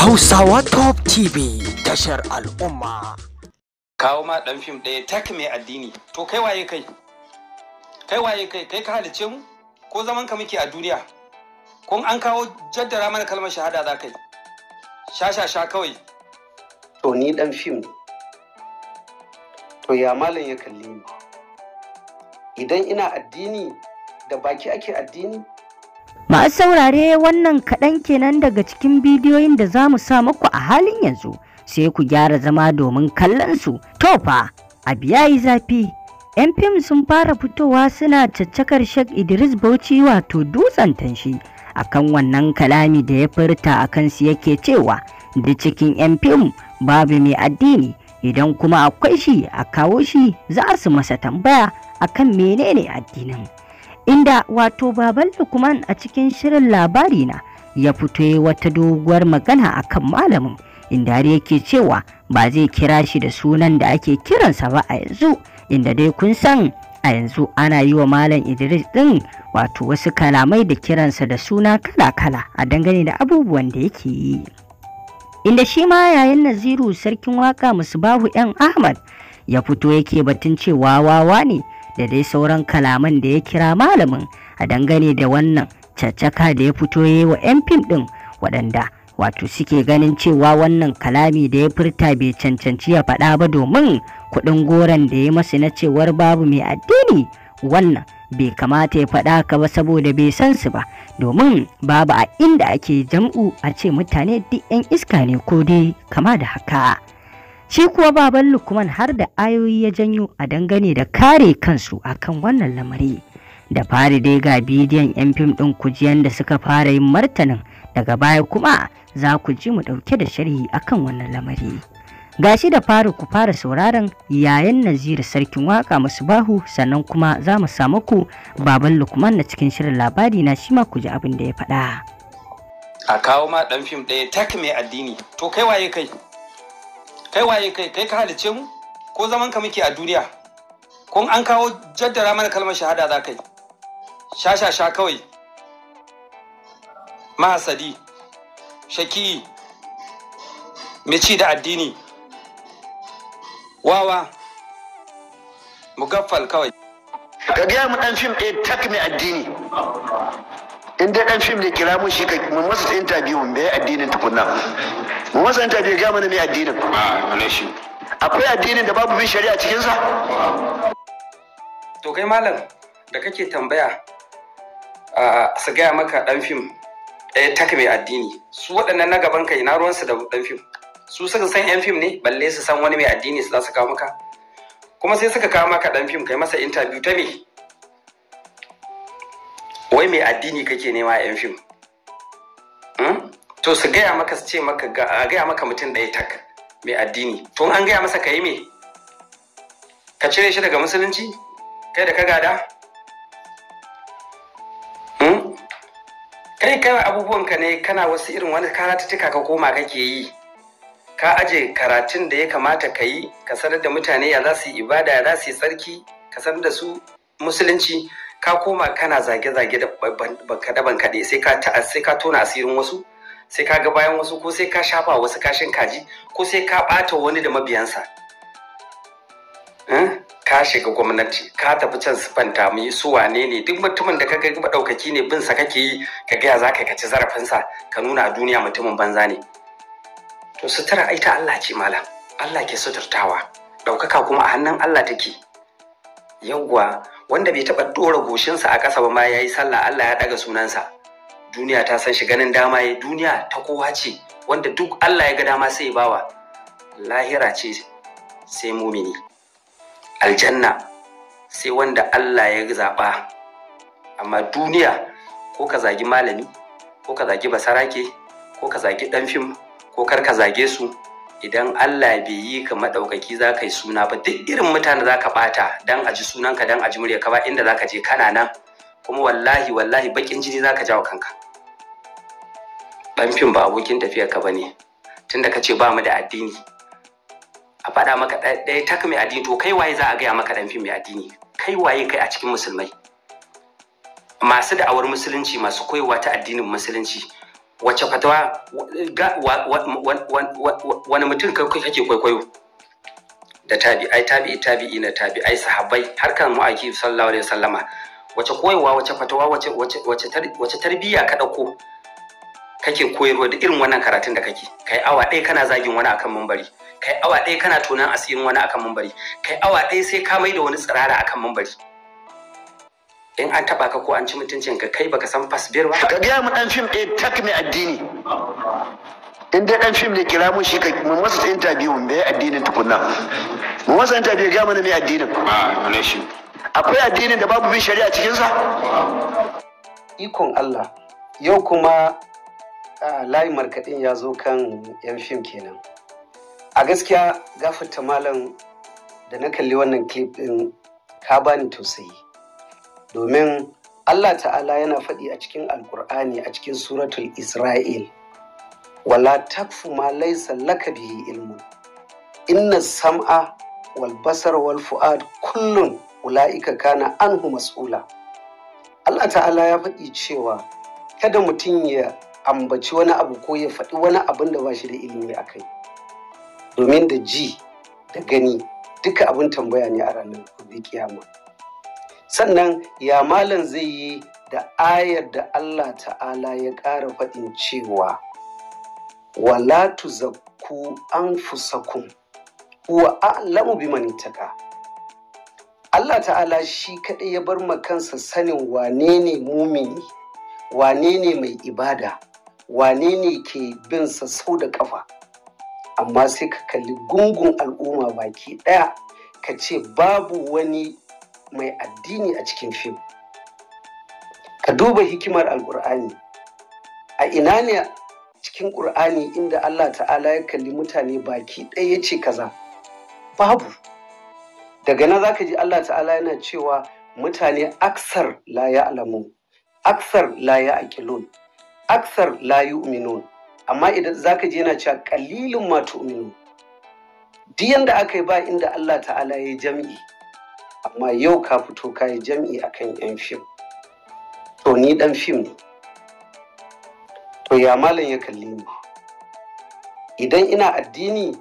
Hausawa Top TV tashar al'umma. Kawo ma ɗan fim ɗaya tak mai addini, to kai waye kai? Kai waye kai, kai ka halice mu? Ko zaman ka muke a duniya? Ko an kawo jaddara mana kalmar shahada za kai? Sha sha sha kawai. To ni ɗan fim To ya malam ya kalli ni. Idan ina addini da baki ake addini, Ma'a saurare wannan kaɗan kenan daga cikin bidiyoyin da za mu sa muku a halin yanzu sai ku gyara zama domin kallon su. To fa, a biya yi zafi. 'Yan fim sun fara fitowa suna caccakar Sheikh Idris Bauchi wato dutsen tanshi akan wannan kalami da ya furta a kansu yake cewa da cikin 'yan fim babu mai addini idan kuma akwai shi a kawo shi za su masa tambaya akan menene addinin. inda wato baban lukman a cikin shirin labari na ya fito wata doguwar magana akan malamin inda har yake cewa ba zai kira shi da sunan da ake kiransa ba a yanzu inda dai kun san a yanzu ana yi wa malam idris din wato wasu kalamai da kiransa da suna kala-kala a dangane da abubuwan da yake yi inda shi ma yayin naziru sarkin waka musu babu yan ahmad ya fito yake batun cewa wawa ne da dai sauran kalaman da ya kira malamin a dangane da wannan caccaka da ya fito ya yi wa 'yan fim ɗin waɗanda wato suke ganin cewa wannan kalami da ya furta bai cancanci ya faɗa ba domin kuɗin goron da ya masu na cewar babu mai addini wannan bai kamata ya faɗa ka ba saboda bai san su ba domin babu a inda ake jam'u a ce mutane duk 'yan iska ne ko dai kama da haka. Shi kuwa baban Lukman har da ayoyi ya janyo a dangane da kare kansu akan wannan lamari. Da fari dai ga bidiyon 'yan fim ɗin kujiyan da suka fara yin martanin daga baya kuma za ku ji mu ɗauke da sharhi akan wannan lamari. Gashi da fari ku fara sauraron yayin Naziru sarkin waka masu bahu sannan kuma za mu samu ku baban Lukman na cikin shirin labari na shi ma ku ji abin da ya faɗa. A kawo ma ɗan fim ɗaya tak mai addini to kai waye kai. kai waye kai kai ka halice mu ko zaman ka muke a duniya kun an kawo jaddara mana kalmar shahada za kai sha sha sha kawai mahasadi shaki ci da addini wawa mugaffal kawai ka gaya mu dan fim ɗaya tak mai addini in dai dan fim ne kira mu shi ka mu masa interview mai addinin tukunna masanta bai gaya mana mai addinin ah, akwai addinin da babu bin shari'a cikinsa to kai malam da kake tambaya su gaya maka dan fim ɗaya eh, taka mai addini su waɗannan na gaban kai na ruwansu da dan fim su suka san yan fim ne balle su san wani mai addini su za su kawo maka kuma sai suka kawo maka dan fim kai masa interview ta me wai mai addini kake nema yan fim to su gaya maka su ce maka a gaya maka mutum ɗaya tak mai addini to an gaya masa ka yi me ka cire shi daga musulunci kai da ka gada hmm? kai kana abubuwan ka ne kana wasu irin wani karatuttuka ka koma kake yi ka aje karatun da ya kamata ka yi ka sanar da mutane ya za su yi ibada ya za su yi tsarki ka sanar da su musulunci ka koma kana zage-zage da bankaɗe sai ka tona asirin wasu sai ka ga bayan wasu ko sai ka shafa wasu kashin kaji ko sai ka ɓata wani da mabiyansa eh? ka shiga gwamnati ka tafi can sifanta mu yi su wane ne duk mutumin da ka kaga maɗaukaki ne bin sa kake yi ka gaya za ka kaci zarafinsa ka nuna a duniya mutumin banza ne to sutura ai ta Allah ce mala, Allah ke suturtawa ɗaukaka kuma a hannun Allah take yawwa wanda bai taɓa ɗora goshinsa a ƙasa ba ma ya yi sallah Allah ya ɗaga sunansa duniya ta san shi ganin dama ya duniya ta kowa ce wanda duk Allah ya ga dama sai ya bawa lahira ce sai mumini aljanna sai wanda Allah ya zaɓa amma duniya ko ka zagi malami ko ka zagi basarake ko ka zagi ɗan fim ko kar ka zage su idan Allah bai yi ka maɗaukaki za ka yi suna ba duk irin mutane za ka ɓata dan a ji sunanka dan a ji murya ka ba inda za ka je kana nan kuma wallahi wallahi baƙin jini za ka jawo kanka ɗan ba abokin tafiyar ka bane tunda ka ce ba mu da addini a faɗa maka ɗaya tak mai addini to kai waye za a gaya maka ɗan fim mai addini kai waye kai a cikin musulmai masu da'awar musulunci masu koyewa ta addinin musulunci wace fatawa wani mutum kai kake kwaikwayo da tabi'ai tabi'i ina na tabi'ai sahabbai har kan mu'aki sallallahu alaihi wasallama wace koyewa wace fatawa wace wace wace tarbiyya ka dauko kake koyarwa da irin wannan karatun da kake kai awa ɗaya kana zagin wani akan mumbari kai awa ɗaya kana tonan asirin wani akan mumbari kai awa ɗaya sai ka mai da wani tsirara akan mumbari in an taba ka ko an ci mutuncin ka kai baka san fasbir ba ka gaya mu dan fim ɗaya tak mai addini in dai dan fim ne kira mu shi ka mu masa interview mu bai addinin tukunna mu masa interview ga mana mai addinin ah, akwai addinin da babu bin shari'a cikin sa ikon Allah yau kuma layin markaɗin ya zo kan 'yan fim kenan a gaskiya gafata malam da na kalli wannan clip ɗin ka bani tausayi domin allah ta'ala yana faɗi a cikin alkur'ani a cikin suratul isra'il wala takfu ma laisa laka bihi ilmu inna sam'a wal basar wal fu'ad kullun ula'ika kana anhu mas'ula allah ta'ala ya faɗi cewa kada mutum ya ambaci wani abu ko ya faɗi wani abin da ba shi da ilimi a kai domin da ji da gani duka abin tambaya ne a ranar gobe kiyama sannan ya malam zai yi da ayar da Allah ta'ala ya ƙara faɗin cewa wala an fusakun wa a'lamu biman ittaka Allah ta'ala shi kaɗai ya bar ma kansa sanin wane ne mumini wane ne mai ibada wane ne ke bin sa sau da ƙafa? amma sai ka kalli gungun al'umma baki ɗaya ka ce babu wani mai addini a cikin fim ka duba hikimar alkur'ani a ina ne cikin ƙur'ani inda allah ta'ala ya kalli mutane baki ɗaya ya ce kaza babu daga nan zaka ji allah ta'ala yana cewa mutane aksar la ya alamu aksar la ya aƙilun aksar la yu'minun amma idan zaka je yana cewa kalilin matu tu'minun duk yanda aka yi ba inda Allah ta'ala ya jam'i amma yau ka fito ka yi jam'i akan yan fim to ni dan fim ne to ya malam ya kalli ni idan ina addini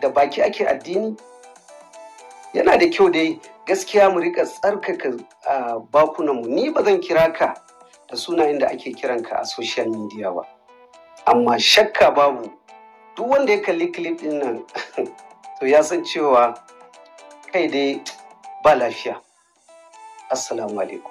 da baki ake addini yana da kyau dai gaskiya mu rika tsarkaka ah, bakunanmu ni ba zan kira ka da sunayen da ake kiranka a social media ba amma shakka babu duk wanda ya kalli clip din nan to ya san cewa kai dai ba lafiya assalamu alaikum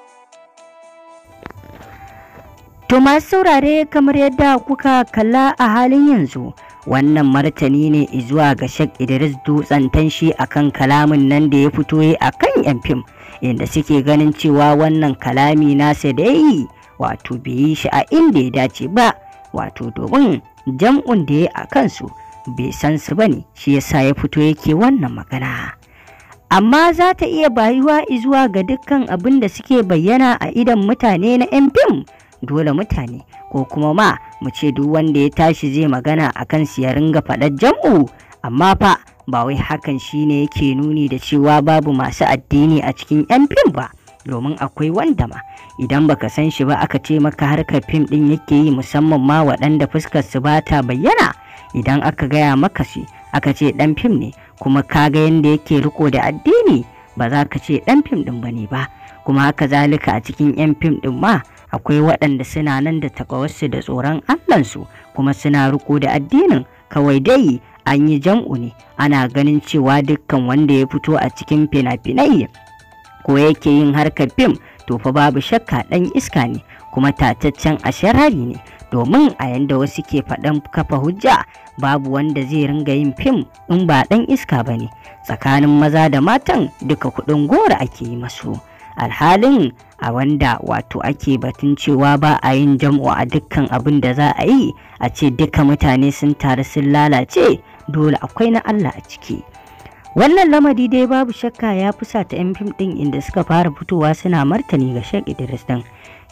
to masu saurare kamar yadda kuka kalla a halin yanzu wannan martani ne izuwa ga Sheikh Idris Dutsen tanshi akan kalamin nan da ya fito yi kan yan fim inda suke ganin cewa wannan kalami nasa da yi wato bai yi shi a inda ya dace ba wato domin jam'un da ya a kansu bai san su ba ne shi yasa ya fito yake wannan magana amma za ta iya bayuwa izuwa ga dukkan abin da suke bayyana a idan mutane na 'yan fim dole mutane ko kuma ma mu ce duk wanda ya tashi zai magana a kan ya ringa faɗar jam'u amma fa ba wai hakan shine yake nuni da cewa babu masu addini a cikin 'yan fim ba domin akwai wanda ma idan baka san shi ba aka ce maka harkar fim din yake yi musamman ma waɗanda fuskar su ba ta bayyana idan aka gaya maka shi aka ce ɗan fim ne kuma kaga ga yadda yake riko da addini ba za ka ce ɗan fim din bane ba kuma haka zalika a cikin yan fim din ma akwai waɗanda suna nan da takawarsu da tsoron allansu kuma suna riko da addinin kawai dai an yi jam'u ne ana ganin cewa dukkan wanda ya fito a cikin fina-finai ko yake yin harkar fim to fa babu shakka ɗan iska ne kuma tataccen asharari ne domin a yanda wasu ke faɗan kafa hujja babu wanda zai ringa yin fim in ba ɗan iska ba ne tsakanin maza da matan duka kuɗin gora ake yi masu alhalin a wanda wato ake batun cewa ba a yin jam'u a dukkan abin da za a yi a ce duka mutane sun taru sun lalace dole akwai na Allah a ciki. Wannan lamadi dai babu shakka ya fusata 'yan fim ɗin inda suka fara fitowa suna martani ga Sheikh Idris ɗin.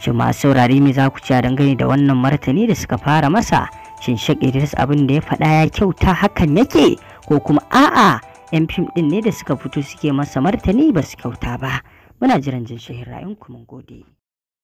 Shin masu saurari me za ku ci dangane da wannan martani da suka fara masa? Shin Sheikh Idris abin da ya faɗa ya kyauta hakan yake ko kuma a'a 'yan fim ɗin ne da suka fito suke masa martani ba su kyauta ba. Muna jiran jin shahin ra'ayinku mun gode.